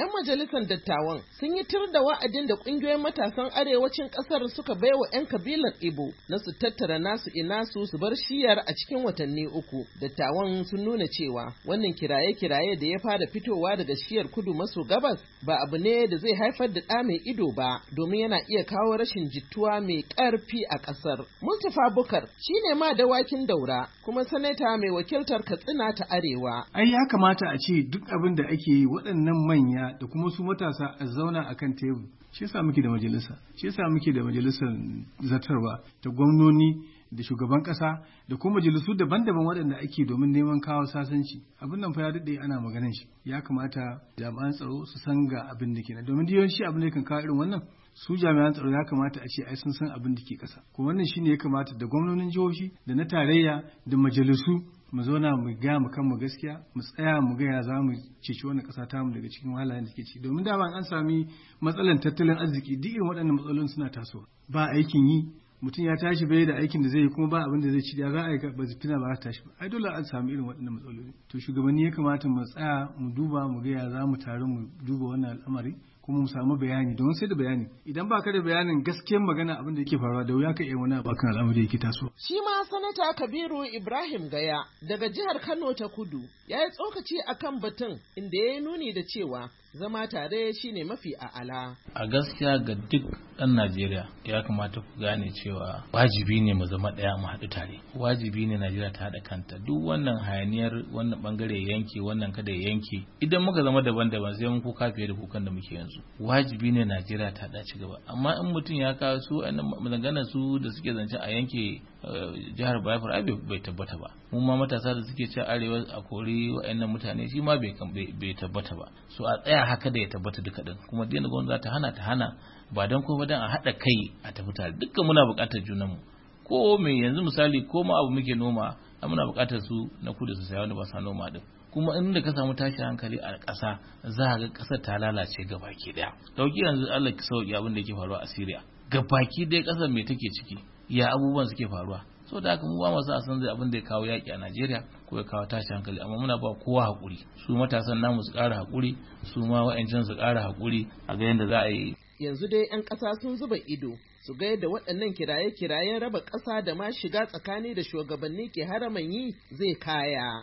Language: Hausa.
'Yan majalisar dattawan sun yi tir da wa'adin da ƙungiyoyin matasan arewacin ƙasar suka baiwa 'yan kabilar Ibo na su tattara nasu ina su su bar shiyar a cikin watanni uku. Dattawan sun nuna cewa wannan kiraye-kiraye da ya fara fitowa daga shiyar kudu maso gabas ba abu ne da zai haifar da ɗa mai ido ba domin yana iya kawo rashin jituwa mai ƙarfi a ƙasar. Mustapha Bukar shine ma dawakin daura kuma sanata mai wakiltar Katsina ta Arewa. Ai ya kamata a ce duk abin da ake yi waɗannan manya da kuma su matasa a zauna a kan tebur shi yasa muke da majalisa shi yasa muke da majalisar zartarwa ta gwamnoni da shugaban kasa da kuma majalisu daban-daban waɗanda ake domin neman kawo sasanci abin nan fa ya daɗe ana maganin shi ya kamata jami'an tsaro su san ga abin da ke nan domin yawanci abin da kan kawo irin wannan su jami'an tsaro ya kamata a ce ai sun san abin da ke kasa kuma wannan shine ya kamata da gwamnonin jihohi da na tarayya da majalisu mu zauna mu gaya mu kanmu gaskiya mu tsaya mu gaya za mu ceci wannan ƙasa ta mu daga cikin halayen da ke ci domin dama an sami matsalan tattalin arziki duk irin waɗannan matsalolin suna tasowa ba aikin yi mutum ya tashi bai da aikin da zai yi kuma ba abin da zai ci da za a yi ba fitina ba za tashi ba ai dole an sami irin waɗannan matsaloli to shugabanni ya kamata mu tsaya mu duba mu gaya za mu taru mu duba wannan al'amari kuma mu samu bayani don sai da bayani idan ba ka da bayanin gaskiyar magana abin da yake faruwa da wuya ka iya wani abu al'amari yake taso. Shi ma sanata Kabiru Ibrahim Gaya daga jihar Kano ta Kudu ya yi tsokaci akan batun inda ya yi nuni da cewa zama tare shine mafi a'ala. A gaskiya ga duk ɗan Najeriya ya kamata ku gane cewa wajibi ne mu zama ɗaya mu haɗu tare. Wajibi ne Najeriya ta haɗa kanta duk wannan hayaniyar wannan bangare yanke wannan kada ya yanke idan muka zama daban-daban sai mun kuka fiye da kukan da muke yanzu. wajibi ne najeriya ta da ci gaba amma in mutum ya kawo su magana su da suke zance a yanke eh, jihar bayafar ai bai tabbata ba mu ma matasa da suke cin arewa a kori wa'annan mutane shi ma bai tabbata ba so a tsaya haka da ya tabbata duka din kuma dina gwamnati za ta hana ta hana ba don ko dan a haɗa kai a tafi tare dukkan muna buƙatar junanmu ko me yanzu misali ko ma abu muke noma muna buƙatar su na kudu su saya wani ba sa noma din kuma inda ka samu tashin hankali a ƙasa za a ga ƙasar ta lalace gabaki daya dauki yanzu Allah ki sauki abin da ke faruwa a Syria baki daya ƙasar me take ciki ya abubuwan suke faruwa so da haka mu ba masu san zai abin da ya kawo yaki a Najeriya ko ya kawo tashin hankali amma muna ba kowa hakuri su matasan namu su ƙara hakuri su ma wa'ancan su ƙara hakuri a ga yanda za a yi yanzu dai 'yan ƙasa sun zuba ido su ga yadda waɗannan kiraye-kirayen raba ƙasa da ma shiga tsakani da shugabanni ke haraman yi zai kaya